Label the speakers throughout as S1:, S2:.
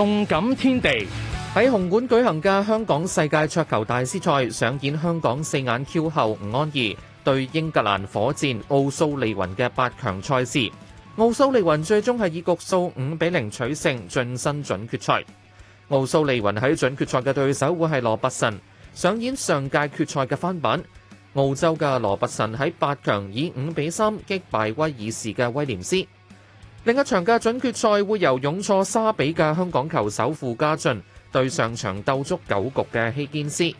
S1: 動感天地，喺紅館舉行嘅香港世界桌球大師賽上演香港四眼 cue 后吳安儀對英格蘭火箭奧蘇利雲嘅八強賽事，奧蘇利雲最終係以局數五比零取勝，晉身準決賽。奧蘇利雲喺準決賽嘅對手會係羅拔臣，上演上屆決賽嘅翻版。澳洲嘅羅拔臣喺八強以五比三擊敗威爾士嘅威廉斯。另一場嘅準決賽，會由勇挫沙比嘅香港球手傅家俊，對上場鬥足九局嘅希堅斯。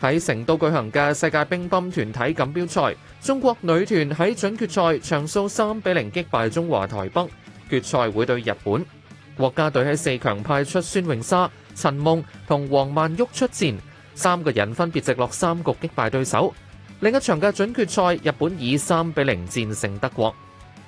S1: 喺成都舉行嘅世界乒乓團體錦標賽，中國女團喺準決賽場數三比零擊敗中華台北，決賽會對日本。國家隊喺四強派出孫穎莎、陳夢同黃曼玉出戰，三個人分別直落三局擊敗對手。另一場嘅準決賽，日本以三比零戰勝德國。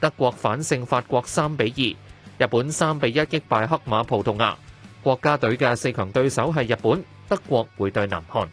S1: 德國反勝法國三比二，日本三比一擊敗黑馬葡萄牙。國家隊嘅四強對手係日本、德國，會對南韓。